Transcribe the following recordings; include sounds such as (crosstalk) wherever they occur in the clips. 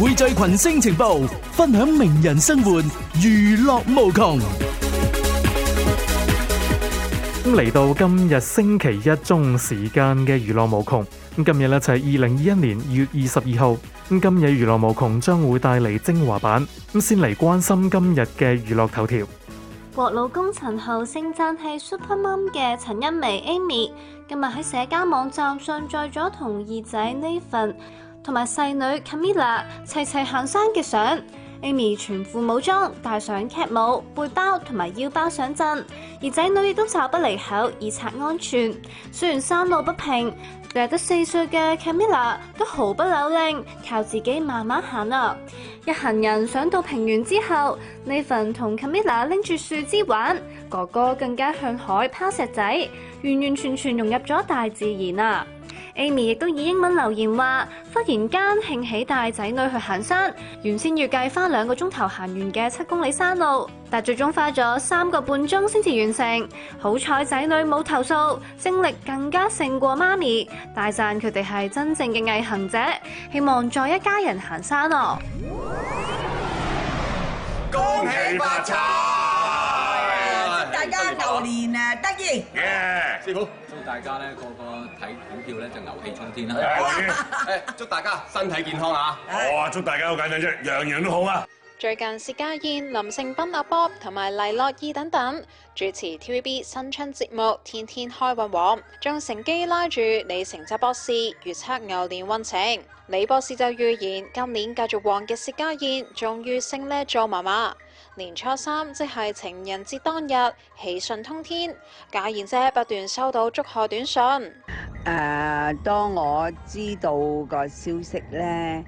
匯聚群星情報，分享名人生活，娛樂無窮。咁嚟到今日星期一中午時間嘅娛樂無窮。咁今日呢就係二零二一年二月二十二號。咁今日娛樂無窮將會帶嚟精華版。咁先嚟關心今日嘅娛樂頭條。國老公陳豪盛讚係 Super Mom 嘅陳茵媺 Amy，今日喺社交網站上載咗同二仔呢份。同埋細女 Camila 齊齊行山嘅相，Amy 全副武裝，戴上 Cap 帽、背包同埋腰包上陣，而仔女亦都罩不離口以策安全。雖然山路不平，但得四歲嘅 Camila 都毫不扭擰，靠自己慢慢行啊！一行人上到平原之後，Nathan 同 Camila 拎住樹枝玩，哥哥更加向海拋石仔，完完全全融入咗大自然啊！Amy 亦都以英文留言話：忽然間興起帶仔女去行山，原先預計花兩個鐘頭行完嘅七公里山路，但最終花咗三個半鐘先至完成。好彩仔女冇投訴，精力更加勝過媽咪，大讚佢哋係真正嘅毅行者。希望再一家人行山哦！恭喜發財！家牛年誒得，得意，Yeah. 師傅父祝大家咧個個睇股票咧就牛氣沖天啦！欸、 (laughs) 祝大家身體健康啊！好啊、哦！祝大家好簡單啫，樣樣都好啊！最近薛家燕、林盛斌阿 Bob 同埋黎諾懿等等主持 TVB 新春節目《天天開運王》，仲乘機拉住李丞責博士預測牛年運程。李博士就預言今年繼續旺嘅薛家燕，仲預升呢做媽媽。年初三即係情人節當日，喜訊通天，假言者不斷收到祝賀短信。誒，當我知道個消息咧，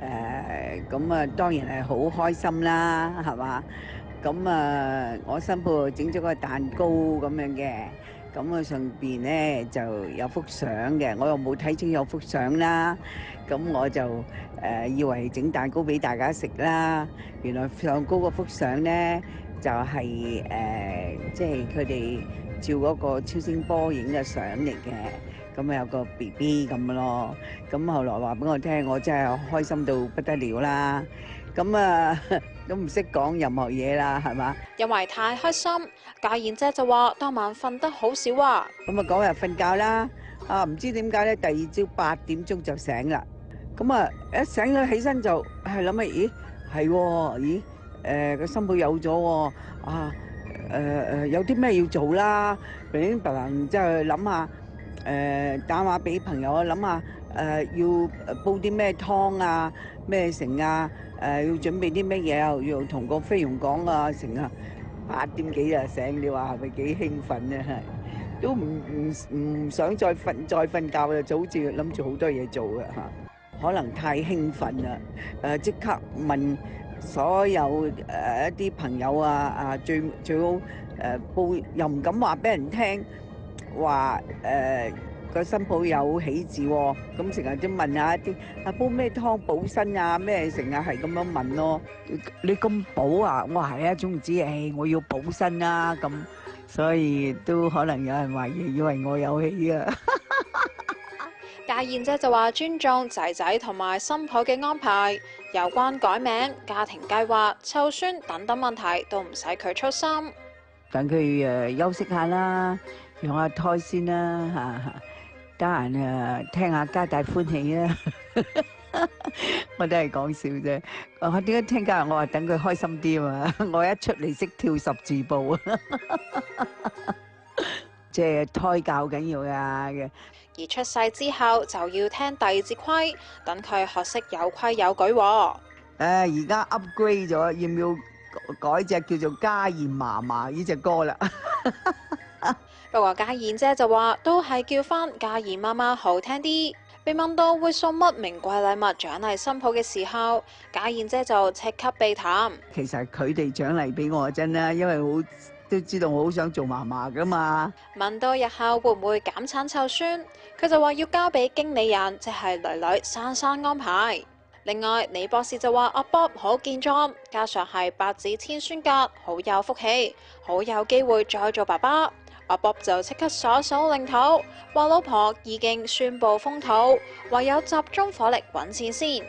誒，咁啊，當然係好開心啦，係嘛？咁啊，我新抱整咗個蛋糕咁樣嘅。咁啊，上邊咧就有幅相嘅，我又冇睇清有幅相啦。咁我就誒、呃、以為整蛋糕俾大家食啦，原來上高個幅相咧就係誒，即係佢哋照嗰個超聲波影嘅相嚟嘅。咁啊有個 B B 咁嘅咯。咁後來話俾我聽，我真係開心到不得了啦！咁啊，都唔識講任何嘢啦，係嘛？因為太開心，嘉燕姐就話當晚瞓得好少啊。咁啊，嗰日瞓覺啦。啊，唔知點解咧？第二朝八點鐘就醒啦。咁啊，一醒咗起身就係諗啊，咦，係喎，咦，誒個新抱有咗喎。啊，誒誒，有啲咩要做啦？突然間即係諗下。誒打電話俾朋友啊，諗下誒要煲啲咩湯啊，咩成啊，誒要準備啲乜嘢啊，又同個飛熊講啊，成啊八點幾啊醒，你話係咪幾興奮啊？都唔唔唔想再瞓再瞓覺啊，就好似諗住好多嘢做啊嚇，可能太興奮啦！誒即刻問所有誒一啲朋友啊啊，最最好誒煲又唔敢話俾人聽。話誒，個新抱有喜字，咁成日都問下一啲啊，煲咩湯補身啊，咩成日係咁樣問咯。你咁補啊，我係啊，總之誒，我要補身啦咁，所以都可能有人懷疑以為我有喜啊。家燕姐就話尊重仔仔同埋新抱嘅安排，有關改名、家庭計劃、湊孫等等問題都唔使佢出心，等佢誒休息下啦。用下胎先啦嚇，得閒誒聽下家大歡喜啦， (laughs) 我都係講笑啫、啊。我點解聽家我話等佢開心啲啊？ (laughs) 我一出嚟識跳十字步啊！即係胎教緊要㗎。而出世之後就要聽弟子規，等佢學識有規有矩喎。而家 upgrade 咗，要唔要改隻叫做《家賢嫲嫲》呢隻歌啦？不過，嘉燕姐就話都係叫翻嘉燕媽媽好聽啲。被問到會送乜名貴禮物獎勵新抱嘅時候，嘉燕姐就即刻避談。其實佢哋獎勵俾我真啦，因為好都知道我好想做媽媽㗎嘛。問到日後會唔會減產湊孫，佢就話要交俾經理人，即係女女生生安排。另外，李博士就話阿 Bob 好健壯，加上係百子千孫格，好有福氣，好有機會再做爸爸。阿博就即刻鎖手領土，話老婆已經宣布封土，唯有集中火力揾錢先。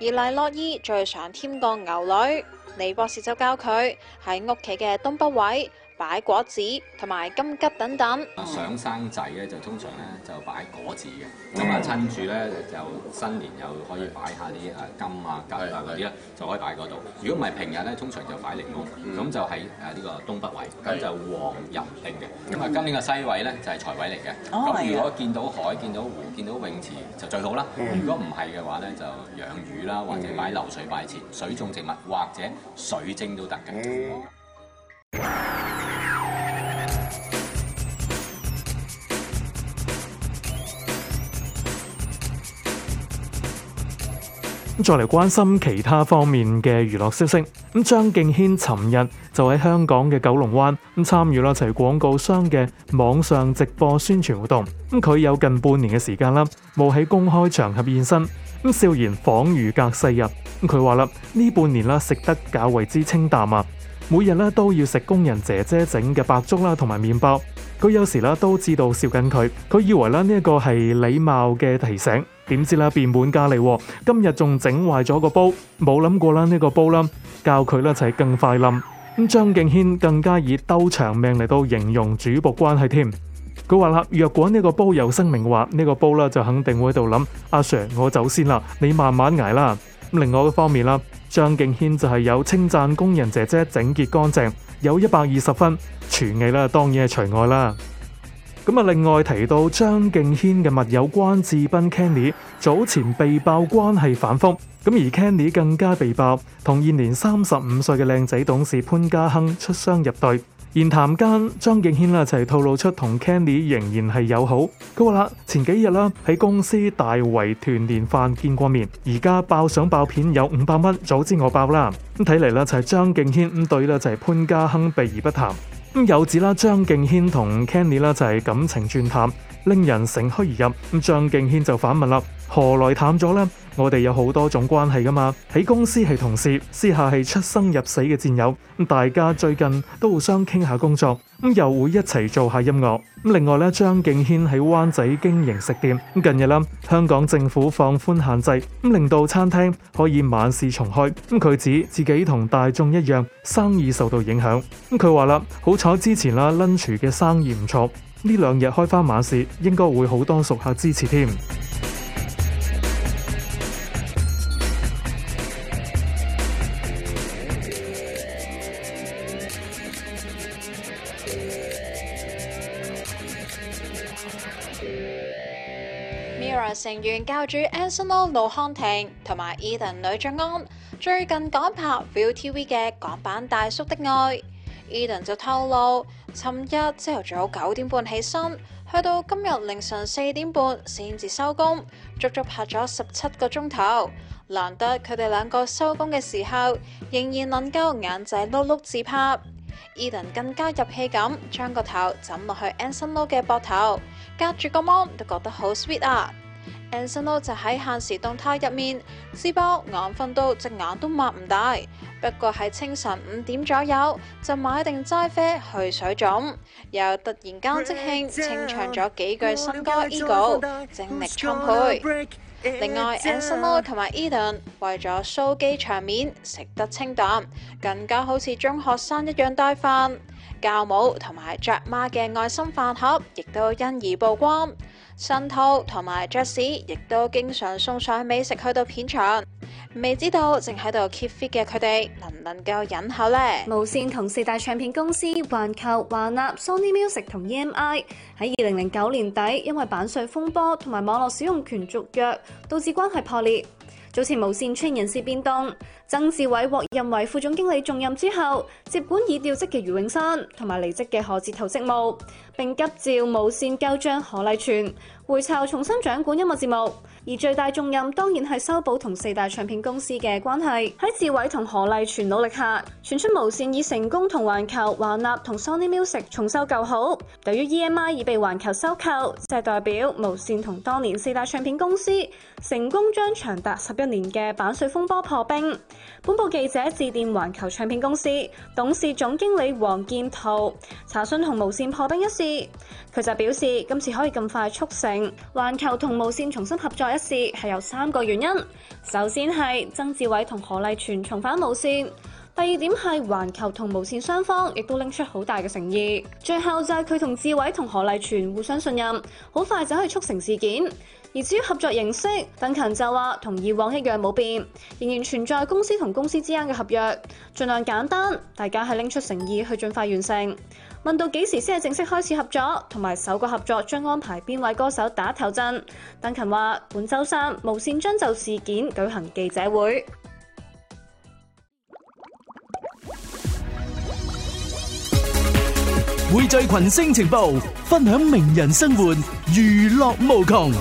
而黎諾懿最想添個牛女，李博士就教佢喺屋企嘅東北位。擺果子同埋金桔等等，想 (music) 生仔咧就通常咧就擺果子嘅。咁啊，趁住咧就新年又可以擺下啲誒金啊、桔啊嗰啲啦，的就可以擺嗰度。如果唔係平日咧，通常就擺檸檬。咁 (music) 就喺誒呢個東北位，咁就的黃陰丁嘅。咁啊，今年嘅西位咧就係財位嚟嘅。咁、oh, 如果見到海、見到湖、見到泳池就最好啦。 (music) 如果唔係嘅話咧，就養魚啦，或者擺流水擺前水種植物或者水晶都得嘅。 (music) 再嚟關心其他方面嘅娛樂消息。咁張敬軒尋日就喺香港嘅九龍灣咁參與啦，齊廣告商嘅網上直播宣傳活動。咁佢有近半年嘅時間啦，冇喺公開場合現身。咁笑言恍如隔世日。佢話啦，呢半年啦食得較為之清淡啊，每日咧都要食工人姐姐整嘅白粥啦，同埋麵包。佢有時啦都知道笑緊佢，佢以為啦呢一個係禮貌嘅提醒。點知啦，變本加厲，今日仲整壞咗個煲，冇諗過啦呢個煲啦，教佢就係更快冧。咁張敬軒更加以鬥長命嚟到形容主僕關係添。佢話啦，若果呢個煲有生命嘅話，呢、這個煲啦就肯定會喺度諗阿 Sir，我先走先啦，你慢慢挨啦。另外一方面啦，張敬軒就係有稱讚工人姐姐整潔乾淨，有一百二十分，廚藝啦當然係除外啦。咁啊！另外提到張敬軒嘅密友關智斌 Kenny，早前被爆關係反覆，咁而 Kenny 更加被爆同現年三十五歲嘅靚仔董事潘家亨出雙入對。言談間，張敬軒啦，就係、是、透露出同 Kenny 仍然係友好。佢話啦，前幾日啦喺公司大圍團年飯見過面，而家爆相爆片有五百蚊，早知我爆啦。咁睇嚟啦，就係、是、張敬軒唔對啦，就係、是、潘家亨避而不談。有指啦，張敬軒同 Kenny 啦就係感情轉淡，令人乘虛而入。咁張敬軒就反問啦：「何來淡咗呢？」我哋有好多種關係噶嘛，喺公司係同事，私下係出生入死嘅戰友。大家最近都互相傾下工作，咁又會一齊做下音樂。咁另外咧，張敬軒喺灣仔經營食店。咁近日啦，香港政府放寬限制，咁令到餐廳可以晚市重開。咁佢指自己同大眾一樣，生意受到影響。咁佢話啦，好彩之前啦，Lunch 嘅生意唔錯。呢兩日開翻晚市，應該會好多熟客支持添。成員教主 Anson Lo 盧瀚霆同埋 Edan 呂爵安最近趕拍 ViuTV 嘅港版《大叔的愛》，Edan 就透露，尋日朝頭早九點半起身，去到今日凌晨四點半先至收工，足足拍咗十七個鐘頭。難得佢哋兩個收工嘅時候，仍然能夠眼仔碌碌自拍。Edan 更加入戲咁，將個頭枕落去 Anson 嘅膊頭，隔住個 mon 都覺得好 sweet 啊！Anson Lo 就喺限時動態入面，自爆眼瞓到隻眼都擘唔大，不過喺清晨五點左右就買定齋啡去水腫，又突然間即興清唱咗幾句新歌 Ego，精力充沛。另外 Anson Lo 同埋 Edan 為咗 show 肌場面，食得清淡，更加好似中學生一樣帶飯，教母同埋雀媽嘅愛心飯盒亦都因而曝光。新套同埋 Jazz 亦都經常送上美食去到片場，未知道正喺度 keep fit 嘅佢哋能唔能夠忍口呢？無線同四大唱片公司環球、華納、Sony Music 同 EMI 喺二零零九年底，因為版稅風波同埋網絡使用權續約，導致關係破裂。早前無線出現人事變動。曾志偉獲任為副總經理重任之後，接管已調職嘅余永山同埋離職嘅何哲圖職務，並急召無線舊將何麗全回巢重新掌管音樂節目。而最大重任當然係修補同四大唱片公司嘅關係。喺志偉同何麗全努力下，傳出無線已成功同環球、華納同 Sony Music 重修舊好。由於 EMI 已被環球收購，即係代表無線同當年四大唱片公司成功將長達十一年嘅版稅風波破冰。本報記者致電環球唱片公司董事總經理黃劍濤，查詢同無線破冰一事，佢就表示今次可以咁快促成環球同無線重新合作一事，係有三個原因。首先係曾志偉同何麗全重返無線。第二點係環球同無線雙方亦都拎出好大嘅誠意。最後就係佢同志偉同何麗全互相信任，好快就可以促成事件。而至於合作形式，鄧勤就話同以往一樣冇變，仍然存在公司同公司之間嘅合約，儘量簡單，大家係拎出誠意去盡快完成。問到幾時先係正式開始合作，同埋首個合作將安排邊位歌手打頭陣？鄧勤話：本週三無線將就事件舉行記者會。匯聚群星情報，分享名人生活，娛樂無窮。